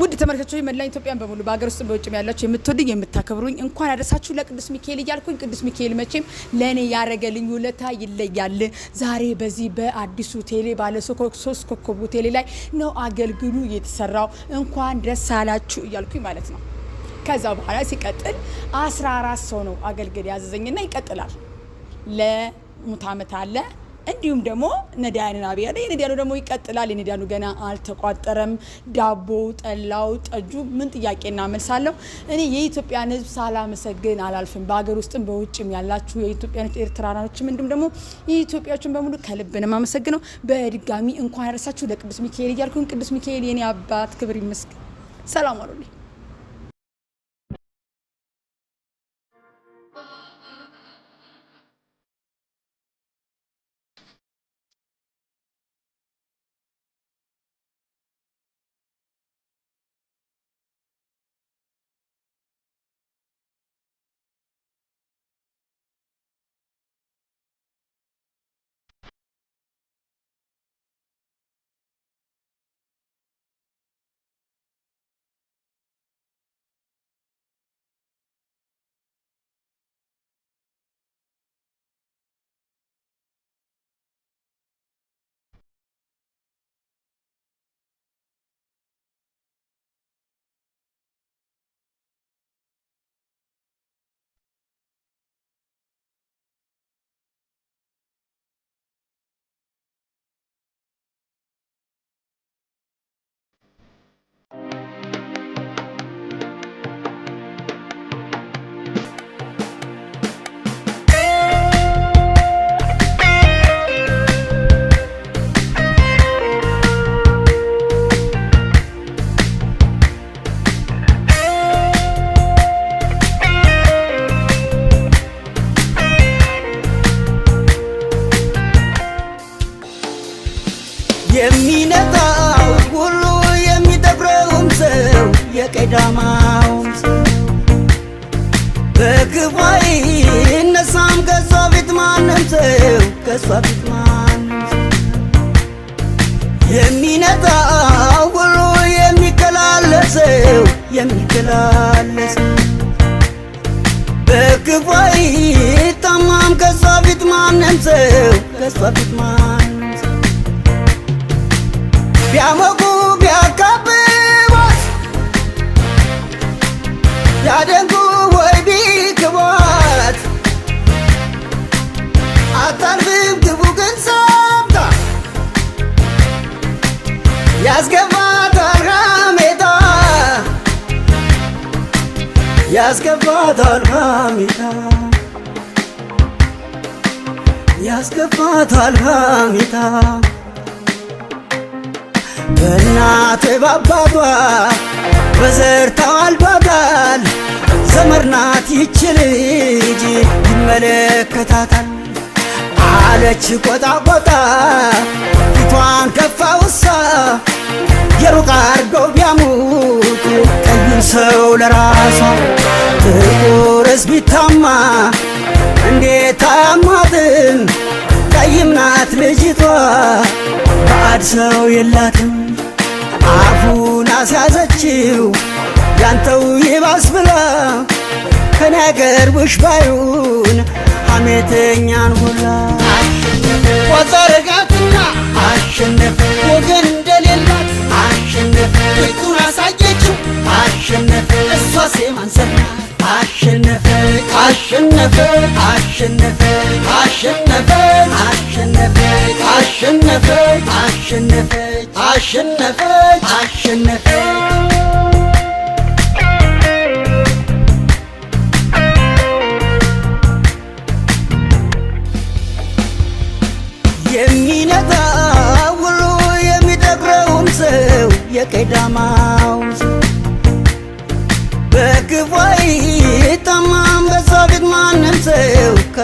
ውድ ተመልካቾች መላ ኢትዮጵያን በሙሉ በሀገር ውስጥ በውጭ ያላችሁ የምትወድኝ የምታከብሩኝ እንኳን አደረሳችሁ ለቅዱስ ሚካኤል እያልኩኝ ቅዱስ ሚካኤል መቼም ለእኔ ያደረገልኝ ውለታ ይለያል። ዛሬ በዚህ በአዲሱ ቴሌ ባለ ሶስት ኮከብ ቴሌ ላይ ነው አገልግሉ የተሰራው። እንኳን ደስ አላችሁ እያልኩኝ ማለት ነው። ከዛ በኋላ ሲቀጥል አስራ አራት ሰው ነው አገልግል ያዘዘኝና ይቀጥላል። ለሙት አመት አለ እንዲሁም ደግሞ ነዳያንን አብያለ ላይ የነዳያኑ ደግሞ ይቀጥላል። የነዳያኑ ገና አልተቋጠረም። ዳቦ፣ ጠላው፣ ጠጁ ምን ጥያቄ እናመልሳለሁ። እኔ የኢትዮጵያን ሕዝብ ሳላመሰግን አላልፍም። በሀገር ውስጥም በውጭም ያላችሁ የኢትዮጵያ ኤርትራናችም እንዲሁም ደግሞ የኢትዮጵያችን በሙሉ ከልብ ነው የማመሰግነው። በድጋሚ እንኳን ያረሳችሁ ለቅዱስ ሚካኤል እያልኩን ቅዱስ ሚካኤል የኔ አባት ክብር ይመስገን። ሰላም አሉልኝ። ይግባይ እነሳም ከሷ ቤት ማንም ሰው ከሷ ፊት ማንም የሚነጣው ሁሉ የሚከላለሰው የሚከላለሰው በክፋይ ታማም ከሷ ፊት ማንም ሰው ከሷ ማንም ያስገባታል ሐሜታ ያስገባታል ሐሜታ ያስገባታል ሐሜታ በእናት ባባቷ በዘር ተዋልዷታል። ዘመርናት ይች ልጅ ይመለከታታል አለች ቆጣ ቆጣ ፊቷን ከፋ ውሳ ከሩቅ አርገው ቢያሙት ቀይን ሰው ለራሷ ጥቁርስ ቢታማ እንዴት አማጥም ቀይም ናት ልጅቷ ባዕድ ሰው የላትም አፉን አስያዘችው ያንተው ይባስ ብላ ከኔ ያቀርብሽ ባዩን ሐሜተኛን ሁላ ቆጠረጋትና አሸነፍ ወገን ታሪኩን አሳየችው አሸነፈ እሷ ሴማን ሰናት አሸነፈ አሸነፈ አሸነፈ አሸነፈ አሸነፈ አሸነፈ አሸነፈ አሸነፈ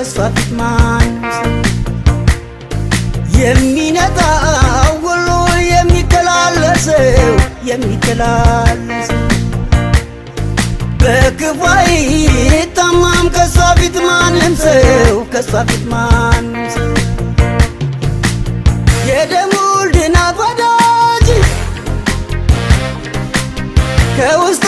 ከሷ ፊት ማንስ የሚነጣው የሚተላለሰው የሚተላለሰው በክፉ አይታማም ከሷ ፊት ማንም ሰው ከሷ ፊት ማንም ሰው ድና ወዳጅ ከውስጥ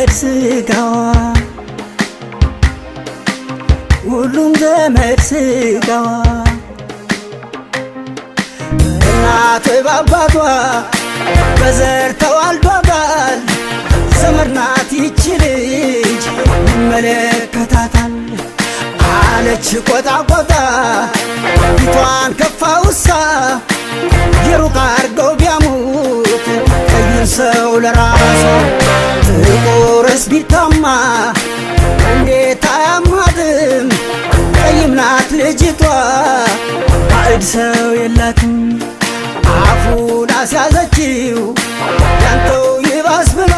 ዘመድ ስጋዋ ሁሉም ዘመድ ስጋዋ እናት ባባቷ በዘር ተዋልዷባል ዘመድ ናት ይቺ ልጅ ይመለከታታል አለች ቆጣ ቆጣ ፊቷን ከፋ ውሳ የሩቅ አርገው ቢያሙት ቀዩን ሰው ለራሷ ልጅቷ ባዕድ ሰው የላትም አፉን አስያዘችው ያንተው ይባስ ብላ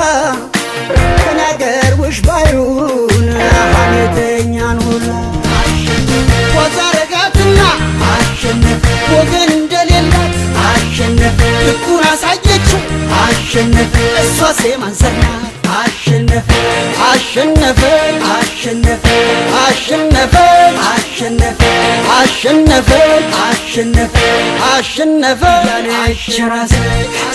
ተናገር ውሽ ባዩን ሐሜተኛን ሁላ ወዛረጋትና አሸነፍ ወገን እንደሌላት አሸነፍ ልኩን አሳየችው አሸነፍ እሷ ሴማን አሸነፈ አሸነፈ አሸነፈ አሸነፈ አሸነፈ አሸነፈ አሸነፈ አሸነፈ ያለች ራሴ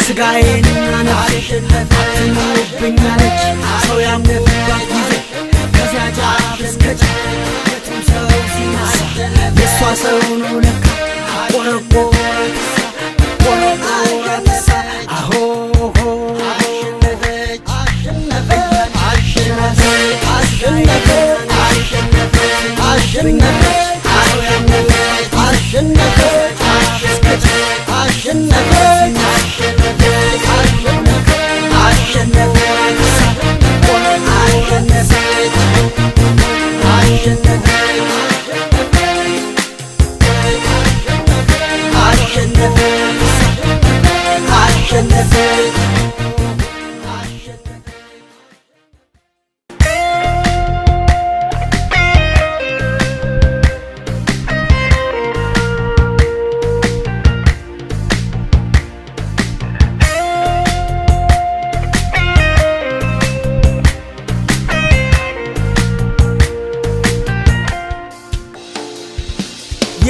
ስጋዬንና ነፍሴ አትኑርብኛለች ሰው ያምኑባት ጊዜ ከዚያ ጫፍ እስከ ጫፍ ሰው ሲናሳ የእሷ ሰው ነው ለካ ቆረቆረት አሸነፈች አሸነፈች አሸነፈች አሸነፈች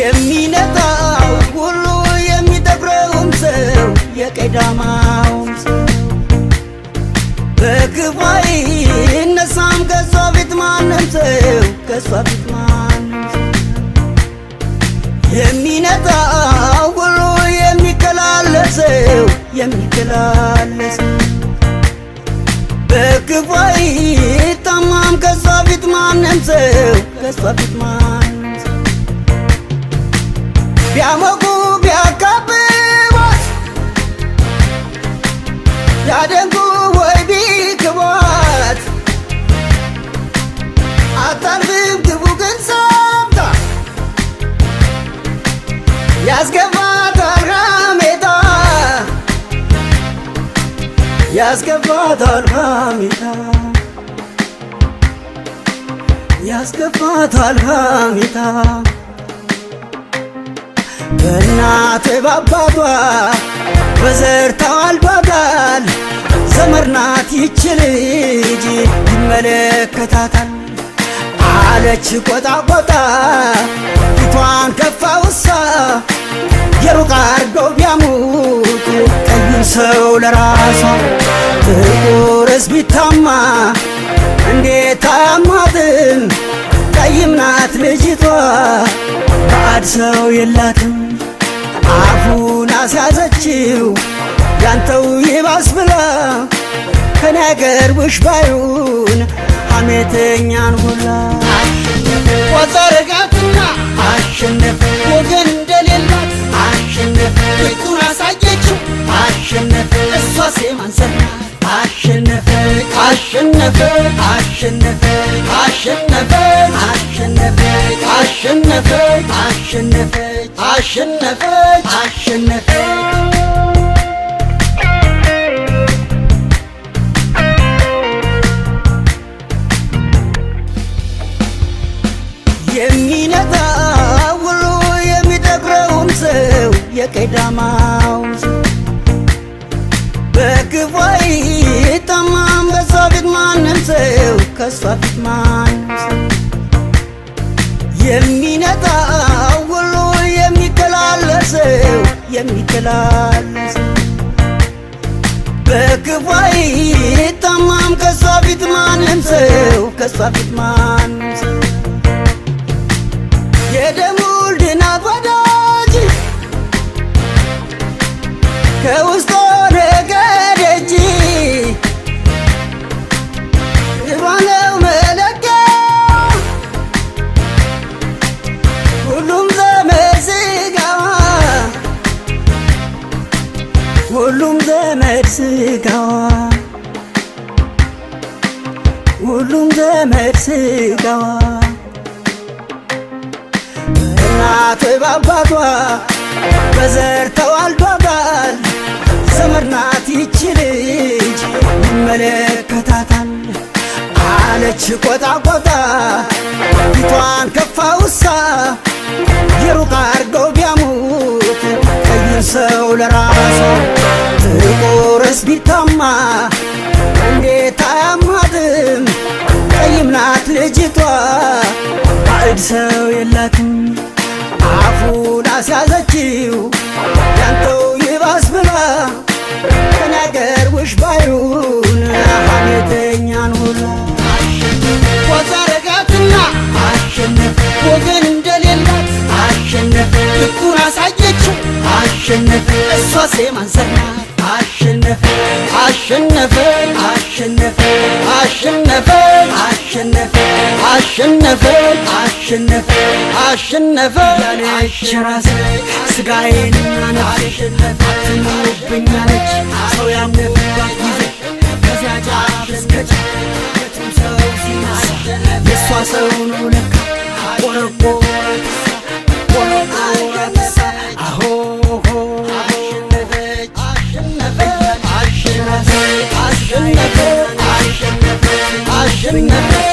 የሚነካው ሁሉ የሚጠግረውም ሰው የቀዳማውም ሰው በክፉ አይነሳም ከሷ ፊት ማንም ሰው ከሷ ፊት ማንም ሰው የሚነካው ሁሉ የሚከላለሰው የሚከላለሰው ከሷ ፊት ማንም ሰው ከሷ ፊት ቢያሞቁ ቢያቃብቧት ያደንቁ ወይ ቢክቧት አታርፍም ግቡ ግን ሰምታ ያስገባታል ሐሜታ ያስገባታል ሐሜታ ያስገባታል ሐሜታ በእናት ባባቷ በዘር ተዋልዷታል። ዘመርናት ይች ልጅ ይመለከታታል አለች ቆጣ ቆጣ ፊቷን ከፋ ውሳ የሩቅ አርገው ቢያሙት ቀዩን ሰው ለራሷ ጥቁር ቢታማ እንዴት አያማትም? ጠይም ናት ልጅቷ ባዕድ ሰው የላትም አፉን አስያዘችው ያንተው ይባስ ብላ ከኔ ያቀርብሽ ባዩን ሐሜተኛን ሁላ ቆጠረጋትና አሸነፈ ወገን እንደሌላት አሸነፈ ፊቱን አሳየችው አሸነፈ እሷ ሴማን አሸነፈ አሸነፈ አሸነፈ አሸነፈ አሸነፈ አሸነፈ አሸነፈ አሸነፈ አሸነፈ የሚነጣ ውሎ የሚጠግረውን ሰው የቀዳማው በግቧይ ቢታማም በሷ ፊት ማንም ሰው ከሷ ፊት ማንም ሰው የሚነጣው ሁሉ የሚከላለሰው የሚከላለሰው በክፉ አይታማም ከሷ ፊት ማንም ሰው ከሷ ፊት ማንም ሰው በዘር ተዋልዶ ባል ዘመድ ናት ይች ልጅ ይመለከታታል አለች ቆጣ ቆጣ ፊቷን ከፋ ውሳ የሩቅ አርገው ቢያሙት ቀይር ሰው ለራሱ ጥቁርስ ቢታማ እንዴት አያማድም? ቀይም ናት ልጅቷ ባዕድ ሰው የላትም። አፉን አስያዘችው ያንተው ይባስ ብላ ተናገር ውሽ ባዩን ሀሜተኛን ሁሉ ወዛረጋትና አሸነፍ ወገን እንደሌላት አሸነፍ ልኩን አሳየችው አሸነፍ እሷ ሴማን አሸነፈ አሸነፈ አሸነፈ አሸነፈ አሸነፈ ያለች ራሴ ስጋዬንና ነፍሴ አትኖርብኛለች ሰው ያምኑባት ጊዜ ከዚያ ጫፍ እስከ ጫፍ የትም ሰው ሲናሳ የእሷ ሰው ነው tonight.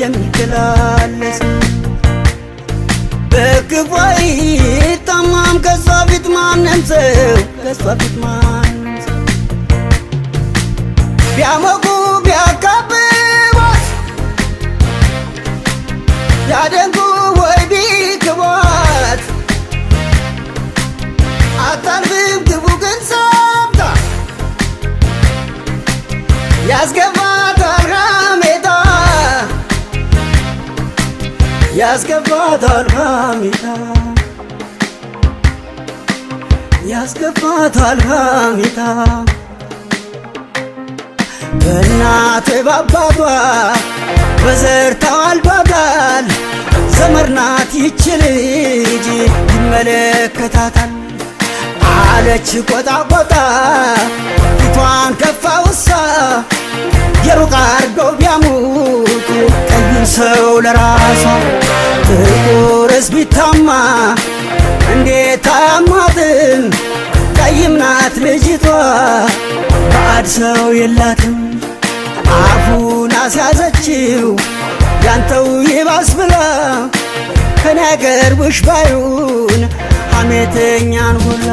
የሚተላለስ በክፉ አይታማም ከሷ ፊት ማንም ሰው ከሷ ፊት ማንም ሰው ቢያካብቧት ያደንቁ ወይ ቢክቧት አታልፍም ግቡ ግን ሰምታ ያስገባ ያስገባታል ሐሚዳ ያስገባታል ሐሚዳ በእናት ባባቷ በዘር ተዋልዷታል። ዘመርናት ይች ልጅ ይመለከታታል አለች ቆጣ ቆጣ ፊቷን ከፋ ውሳ የሩቅ አርገው ቢያሙቁ ቀይን ሰው ለራሷ ጥቁርስ ቢታማ እንዴት አያማትም! ቀይም ናት ልጅቷ ባዕድ ሰው የላትም። አፉን አስያዘችው ያንተው ይባስ ብላ ከኔ ያቀርብሽ ባዩን ሐሜተኛን ሁላ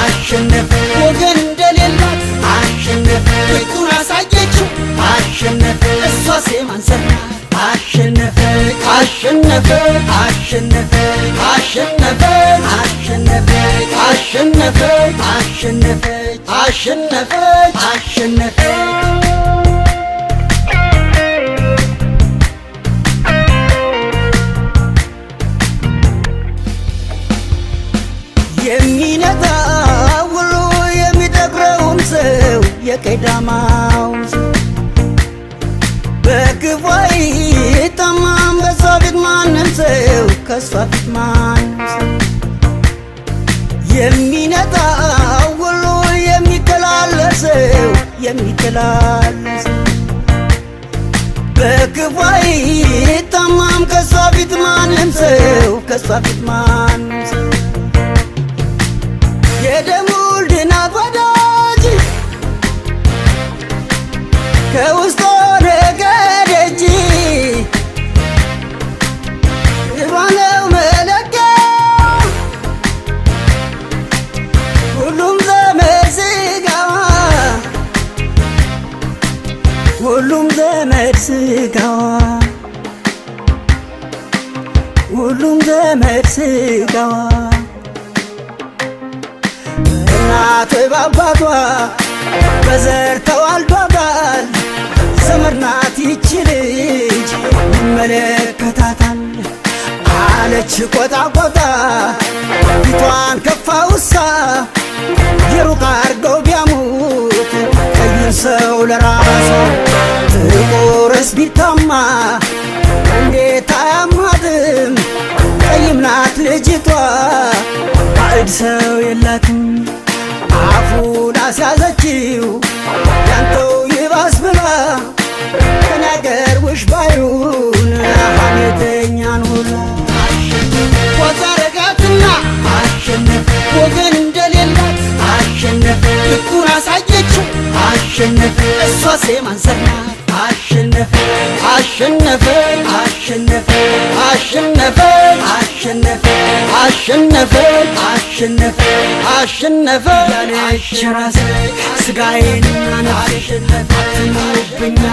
አሸነፍ ወገን እንደሌላ አሸነፈ ልኩን አሳየችው አሸነፈ እሷ ሴማን ሰራ አሸነፈ አሸነፈ አሸነፈ አሸነፈ አሸነፈ አሸነፈ አሸነፈ አሸነፈ አሸነፈ የቀዳማው በክፉ አይታማም በሷ ፊት ማንም ሰው ከሷ ፊት ማንም ሰው የሚነጣው ሁሉ የሚተላለሰው የሚተላለሰው በክፉ አይታማም ከሷ ፊት ማንም ሰው ከሷ ፊት ማንም ሰው ከውስጥ ነገድ እጅ ባለው መለኪያ ሁሉም ዘመድ ስጋዋ ሁሉም ዘመድ ስጋ ሁሉም ዘመድ ስጋ እናት ባባቷ በዘር ተዋልዷ ናት ይች ልጅ ይመለከታታል አለች ቆጣ ቆጣ ፊቷን ከፋ ውሳ የሩቅ አርገው ቢያሙት ቀዩን ሰው ለራሷ ጥቁርስ ቢታማ እንዴት አያማትም? ቀይም ናት ልጅቷ ባዕድ ሰው የላትም አፉን አስያዘችው አሸነፈ እሷሴ ማንሰርናት አሸነፈ አሸነፈ አሸነፈ አሸነፈ አሸነፈ አሸነፈ አሸነፈ አሸነፈ ያኔ ራስ ስጋዬን አሸነፈ ትኖብኛል